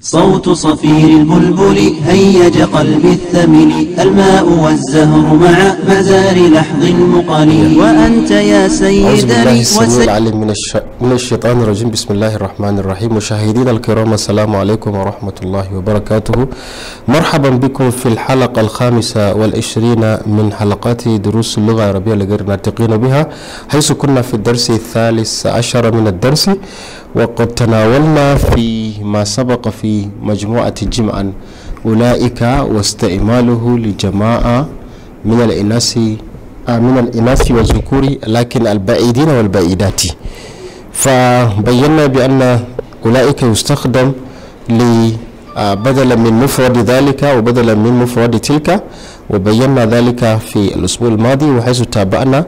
صوت صفير البلبل هيج قلبي الثمن الماء والزهر مع مزار لحظ مقلي وأنت يا سيدني العليم من, الش... من الشيطان الرجيم بسم الله الرحمن الرحيم مشاهدينا الكرام السلام عليكم ورحمة الله وبركاته مرحبا بكم في الحلقة الخامسة والعشرين من حلقات دروس اللغة العربية لغير ناطقين بها حيث كنا في الدرس الثالث عشر من الدرس وقد تناولنا في ما سبق في في مجموعة جمعا أولئك واستعماله لجماعة من الإناث آه، من الإناث والذكور لكن البعيدين والبعيدات فبينا بأن أولئك يستخدم بدلا من مفرد ذلك وبدلا من مفرد تلك وبينا ذلك في الأسبوع الماضي وحيث تابعنا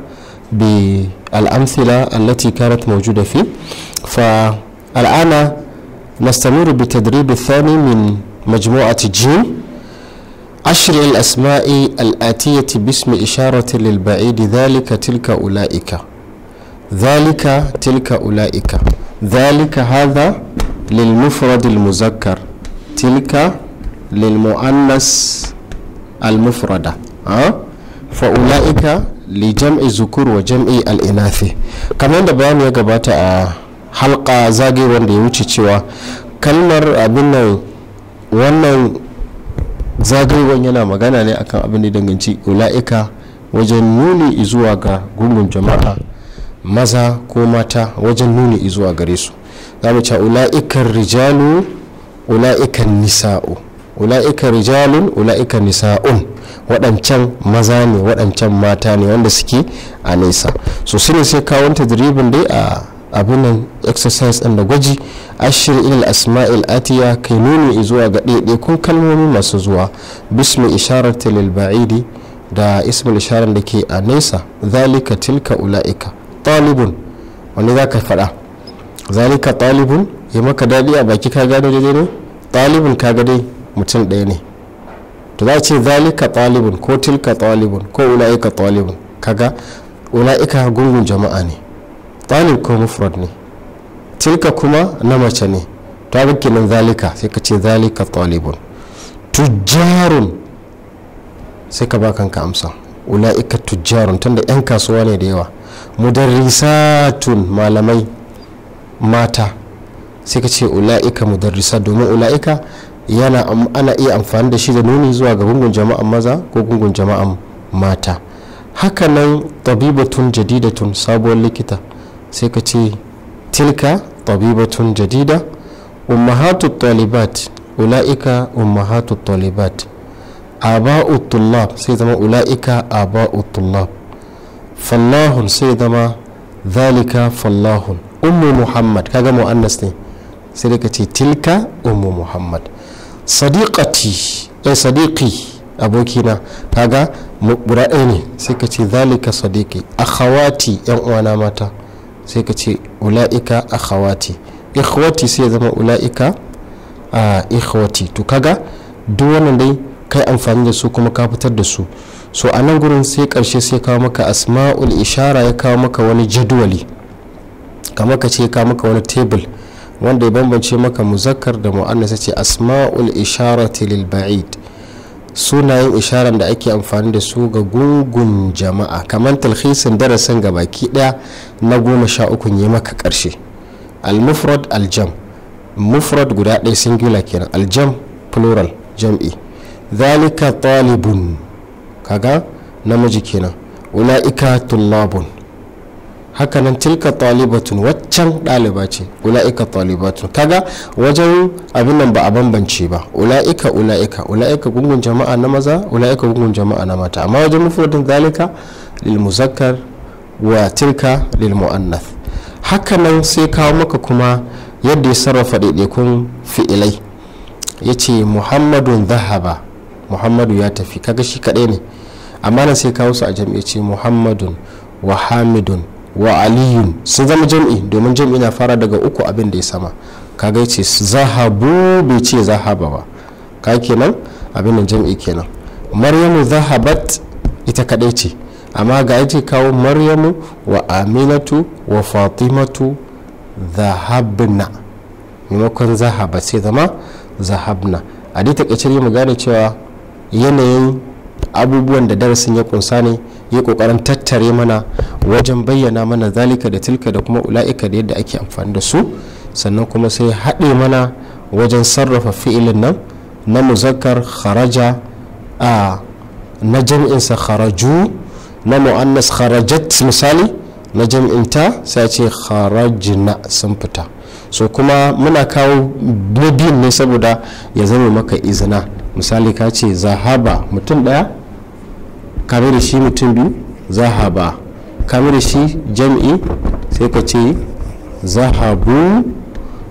بالأمثلة التي كانت موجودة فيه فالآن نستمر بتدريب الثاني من مجموعة جيم عشر الأسماء الآتية باسم إشارة للبعيد ذلك تلك أولئك ذلك تلك أولئك ذلك هذا للمفرد المذكر تلك للمؤنث المفردة أه؟ فأولئك لجمع الذكور وجمع الإناث كمان ده بيان يا جماعة halka zage wanda ya wuce cewa kalmar abin wannan zagayewan yana magana ne akan abin da danganci ula'ika wajen nuni izuwa ga gungun jama'a maza ko mata wajen nuni izuwa gare su za mu ce ula'ikan rijalu ula'ikan nisa'u ula'ikan rijalun ula'ikan nisa'un waɗancan maza ne waɗancan mata ne wanda suke a nesa so su sai kawon tadribin dai a abin exercise ɗin da gwaji ashir ilal asma'il atiya kai nuni zuwa ga kun kalmomi masu zuwa bismi isharar lil ba'idi da ismul isharar da ke a nesa zalika tilka ula'ika talibun wani za ka faɗa zalika talibun ya maka daɗi a baki ka gado daidai ne talibun ka gado mutum ɗaya ne to za a ce zalika talibun ko tilka talibun ko ula'ika talibun kaga ula'ika gungun jama'a ne talib ko mufrad ne tilka kuma na mace ne ta kenan zalika sai ka ce zalika talibun tujjarun sai ka ba kanka amsa ula'ika tujjarun tunda 'yan kasuwa ne da yawa mudarrisatun malamai mata sai ka ce ula'ika mudarrisa domin ula'ika yana ana iya amfani da shi da nuni zuwa ga gungun jama'an maza ko gungun jama'an mata hakanan tabibatun jadidatun sabuwar likita sai ka ce tilka tabibatun jadida ummahatu talibat ula'ika ummahatu talibat aba'u tullab sai zama ula'ika aba'u tullab fallahun sai zama zalika fallahun ummu muhammad kaga mu'annas ne sai daga ce tilka ummu muhammad sadiqati ya eh, sadiqi abokina kaga mubra ne sai ka ce zalika sadiqi akhawati yan uwana mata sai ka ce ula'ika khawati ikhwati sai ya zama ula'ika a ikhwati to kaga duk wannan dai kai amfani da su kuma ka fitar da su so a nan gurin sai karshe sai kawo maka asma'ul ishara ya kawo maka wani jadwali kamar ka ce ka maka wani table wanda ya bambance maka muzakkar da mu'annas ce asma'ul isharati lil ba'id sunayen isharar da ake amfani da su ga gungun jama'a kamar talhisin darasin ga baki daya na goma sha uku yi maka karshe al-mufrad al-jam guda ɗaya singular kenan aljam jam plural jam'i zalika talibun kaga namiji kenan ula'ika tullabun hakanan tilka talibatun waccan ɗaliba ce ula'ika talibatun kaga wajen abin nan ba a bambance ba ula'ika ula'ika ula'ika gungun jama'a na maza ula'ika gungun jama'a na mata amma wajen mufradin zalika lil muzakkar wa tilka lil mu'annath hakanan sai kawo maka kuma yadda ya sarrafa daidaikun fi'ilai yace muhammadun zahaba muhammadu ya tafi kaga shi kadai ne amma nan sai kawo su a jami'a ce muhammadun wa hamidun wa aliyun sun zama jam'i domin jam'i na fara daga uku abin da ya sama kaga ce zahabu bai ce zahaba ba ka kenan abin da jam'i kenan maryamu zahabat ita kadai ce amma ga ce kawo maryamu wa aminatu wa fatimatu zahabna maimakon zahaba sai zama zahabna a dai takaicin mu gane cewa yanayin abubuwan da darasin ya kunsa ne ya kokarin tattare mana wajen bayyana mana zalika da tilka da kuma ula'ika da yadda ake amfani da su sannan kuma sai haɗe mana wajen sarrafa fi'ilin nan na muzakkar kharaja a na jam'insa kharaju na mu'annas kharajat misali na jam'inta sai ce kharajna sun fita so kuma muna kawo na ne saboda ya zama maka izina misali ka ce zahaba mutum ɗaya kamar shi mutum biyu zahaba kamar shi jam'i sai ka ce zahabu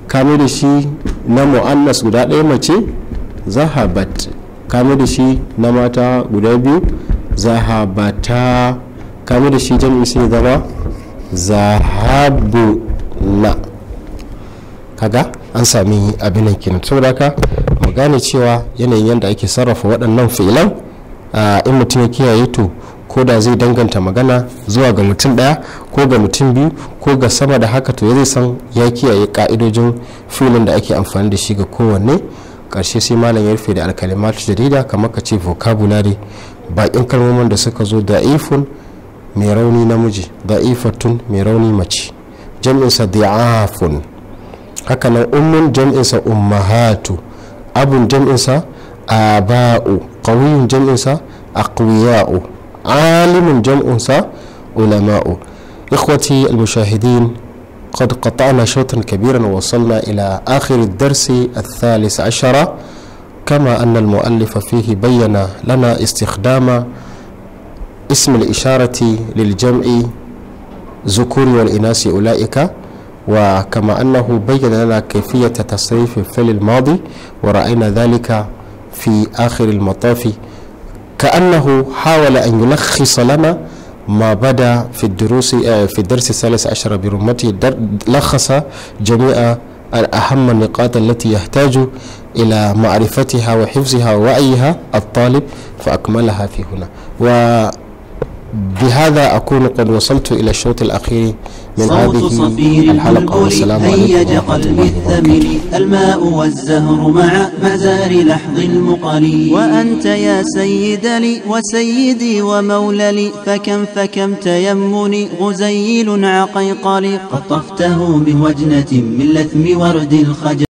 kamar shi na mu'annas guda ɗaya mace zahabat kamar shi na mata guda biyu zahabata kamar shi jam'i sai zama zahabula kaga an sami abinan kenan saboda haka mu gane cewa yanayin yadda ake sarrafa waɗannan filan a ah, in mutum ya kiyaye to ko da zai danganta magana zuwa ga mutum daya ko ga mutum biyu ko ga sama da haka to ya zai san ya kiyaye ka'idojin filin da ake amfani da shi ga kowanne karshe sai malam ya rufe da alkalimatu jarida kamar ka ce vocabulary bakin kalmomin da suka zo da'ifun mai rauni namiji da'ifatun mai rauni mace jam'insa da'afun hakanan ummun jam'insa ummahatu abun jam'insa aba'u qawiyun jam'insa aqwiya'u عالم جمع أنثى علماء إخوتي المشاهدين قد قطعنا شوطا كبيرا ووصلنا إلى آخر الدرس الثالث عشر كما أن المؤلف فيه بين لنا استخدام اسم الإشارة للجمع ذكور والإناث أولئك وكما أنه بين لنا كيفية تصريف الفعل الماضي ورأينا ذلك في آخر المطاف كأنه حاول أن يلخص لنا ما بدا في الدروس آه، في الدرس الثالث عشر برمته لخص جميع أهم النقاط التي يحتاج إلى معرفتها وحفظها ووعيها الطالب فأكملها في هنا و بهذا أكون قد وصلت إلى الشوط الأخير من هذه صفير الحلقة والسلام هيج قلبي الثمن الماء والزهر مع مزار لحظ المقلي وأنت يا سيد لي وسيدي ومولى لي فكم فكم تيمني غزيل عقيقلي قطفته بوجنة من لثم ورد الخجل